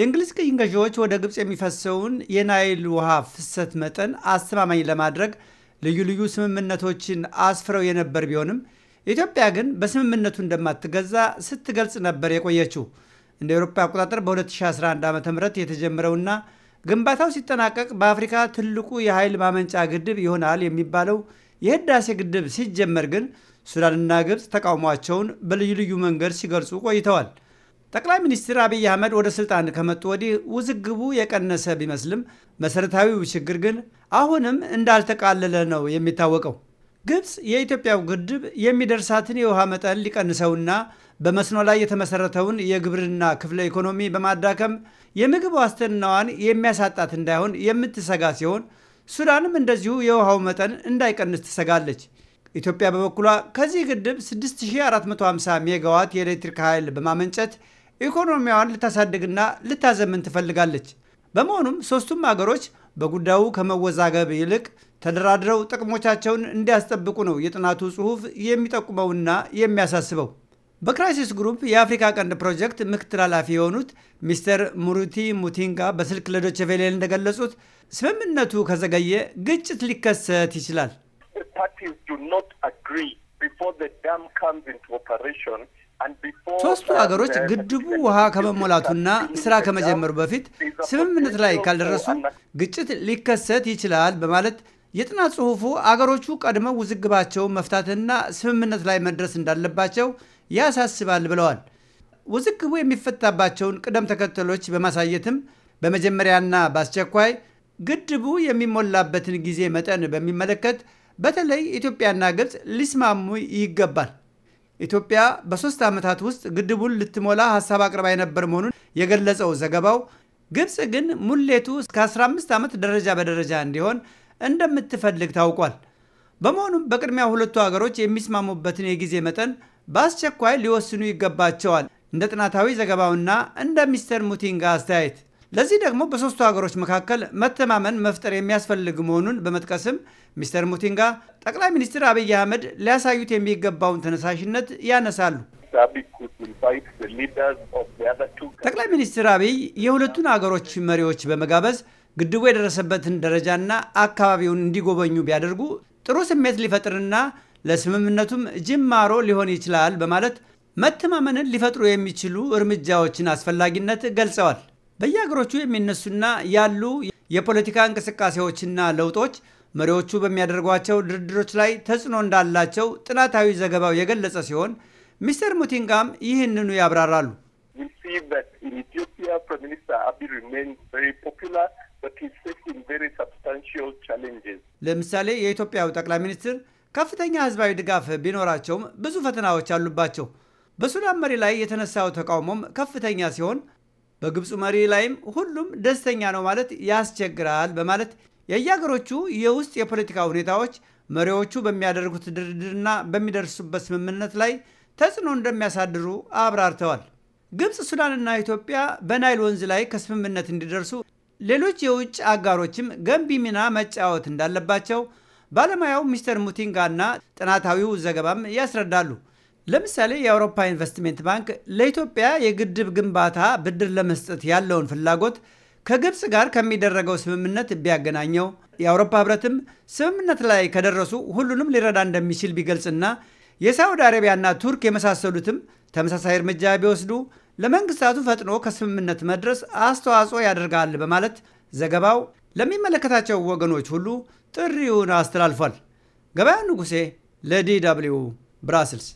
የእንግሊዝ ቅኝ ገዢዎች ወደ ግብፅ የሚፈሰውን የናይል ውሃ ፍሰት መጠን አስተማማኝ ለማድረግ ልዩ ልዩ ስምምነቶችን አስፍረው የነበር ቢሆንም ኢትዮጵያ ግን በስምምነቱ እንደማትገዛ ስትገልጽ ነበር የቆየችው። እንደ ኤሮፓ አቆጣጠር በ2011 ዓ ም የተጀመረውና ግንባታው ሲጠናቀቅ በአፍሪካ ትልቁ የኃይል ማመንጫ ግድብ ይሆናል የሚባለው የህዳሴ ግድብ ሲጀመር ግን ሱዳንና ግብፅ ተቃውሟቸውን በልዩ ልዩ መንገድ ሲገልጹ ቆይተዋል። ጠቅላይ ሚኒስትር አብይ አህመድ ወደ ስልጣን ከመጡ ወዲህ ውዝግቡ የቀነሰ ቢመስልም መሰረታዊው ችግር ግን አሁንም እንዳልተቃለለ ነው የሚታወቀው። ግብፅ የኢትዮጵያው ግድብ የሚደርሳትን የውሃ መጠን ሊቀንሰውና በመስኖ ላይ የተመሰረተውን የግብርና ክፍለ ኢኮኖሚ በማዳከም የምግብ ዋስትናዋን የሚያሳጣት እንዳይሆን የምትሰጋ ሲሆን፣ ሱዳንም እንደዚሁ የውሃው መጠን እንዳይቀንስ ትሰጋለች። ኢትዮጵያ በበኩሏ ከዚህ ግድብ 6450 ሜጋዋት የኤሌክትሪክ ኃይል በማመንጨት ኢኮኖሚዋን ልታሳድግና ልታዘምን ትፈልጋለች። በመሆኑም ሦስቱም አገሮች በጉዳዩ ከመወዛገብ ይልቅ ተደራድረው ጥቅሞቻቸውን እንዲያስጠብቁ ነው የጥናቱ ጽሑፍ የሚጠቁመውና የሚያሳስበው። በክራይሲስ ግሩፕ የአፍሪካ ቀንድ ፕሮጀክት ምክትል ኃላፊ የሆኑት ሚስተር ሙሩቲ ሙቲንጋ በስልክ ለዶይቼ ቬለ እንደገለጹት ስምምነቱ ከዘገየ ግጭት ሊከሰት ይችላል። ሶስቱ ሀገሮች ግድቡ ውሃ ከመሞላቱና ስራ ከመጀመሩ በፊት ስምምነት ላይ ካልደረሱ ግጭት ሊከሰት ይችላል በማለት የጥናት ጽሑፉ አገሮቹ ቀድመው ውዝግባቸውን መፍታትና ስምምነት ላይ መድረስ እንዳለባቸው ያሳስባል ብለዋል። ውዝግቡ የሚፈታባቸውን ቅደም ተከተሎች በማሳየትም በመጀመሪያና በአስቸኳይ ግድቡ የሚሞላበትን ጊዜ መጠን በሚመለከት በተለይ ኢትዮጵያና ግብፅ ሊስማሙ ይገባል። ኢትዮጵያ በሶስት ዓመታት ውስጥ ግድቡን ልትሞላ ሀሳብ አቅርባ የነበር መሆኑን የገለጸው ዘገባው ግብፅ ግን ሙሌቱ እስከ 15 ዓመት ደረጃ በደረጃ እንዲሆን እንደምትፈልግ ታውቋል። በመሆኑም በቅድሚያ ሁለቱ አገሮች የሚስማሙበትን የጊዜ መጠን በአስቸኳይ ሊወስኑ ይገባቸዋል። እንደ ጥናታዊ ዘገባውና እንደ ሚስተር ሙቲንጋ አስተያየት ለዚህ ደግሞ በሶስቱ ሀገሮች መካከል መተማመን መፍጠር የሚያስፈልግ መሆኑን በመጥቀስም ሚስተር ሙቲንጋ ጠቅላይ ሚኒስትር አብይ አህመድ ሊያሳዩት የሚገባውን ተነሳሽነት ያነሳሉ። ጠቅላይ ሚኒስትር አብይ የሁለቱን አገሮች መሪዎች በመጋበዝ ግድቡ የደረሰበትን ደረጃና አካባቢውን እንዲጎበኙ ቢያደርጉ ጥሩ ስሜት ሊፈጥርና ለስምምነቱም ጅማሮ ሊሆን ይችላል በማለት መተማመንን ሊፈጥሩ የሚችሉ እርምጃዎችን አስፈላጊነት ገልጸዋል። በየሀገሮቹ የሚነሱና ያሉ የፖለቲካ እንቅስቃሴዎችና ለውጦች መሪዎቹ በሚያደርጓቸው ድርድሮች ላይ ተጽዕኖ እንዳላቸው ጥናታዊ ዘገባው የገለጸ ሲሆን ሚስተር ሙቲንጋም ይህንኑ ያብራራሉ። ለምሳሌ የኢትዮጵያው ጠቅላይ ሚኒስትር ከፍተኛ ሕዝባዊ ድጋፍ ቢኖራቸውም ብዙ ፈተናዎች አሉባቸው። በሱዳን መሪ ላይ የተነሳው ተቃውሞም ከፍተኛ ሲሆን በግብፁ መሪ ላይም ሁሉም ደስተኛ ነው ማለት ያስቸግራል በማለት የየአገሮቹ የውስጥ የፖለቲካ ሁኔታዎች መሪዎቹ በሚያደርጉት ድርድርና በሚደርሱበት ስምምነት ላይ ተጽዕኖ እንደሚያሳድሩ አብራርተዋል። ግብፅ፣ ሱዳንና ኢትዮጵያ በናይል ወንዝ ላይ ከስምምነት እንዲደርሱ ሌሎች የውጭ አጋሮችም ገንቢ ሚና መጫወት እንዳለባቸው ባለሙያው ሚስተር ሙቲንጋ እና ጥናታዊው ዘገባም ያስረዳሉ። ለምሳሌ የአውሮፓ ኢንቨስትሜንት ባንክ ለኢትዮጵያ የግድብ ግንባታ ብድር ለመስጠት ያለውን ፍላጎት ከግብፅ ጋር ከሚደረገው ስምምነት ቢያገናኘው የአውሮፓ ህብረትም ስምምነት ላይ ከደረሱ ሁሉንም ሊረዳ እንደሚችል ቢገልጽና አረቢያ አረቢያና ቱርክ የመሳሰሉትም ተመሳሳይ እርምጃ ቢወስዱ ለመንግስታቱ ፈጥኖ ከስምምነት መድረስ አስተዋጽኦ ያደርጋል በማለት ዘገባው ለሚመለከታቸው ወገኖች ሁሉ ጥሪውን አስተላልፏል። ገበያው ንጉሴ ለዲ ደብልዩ ብራስልስ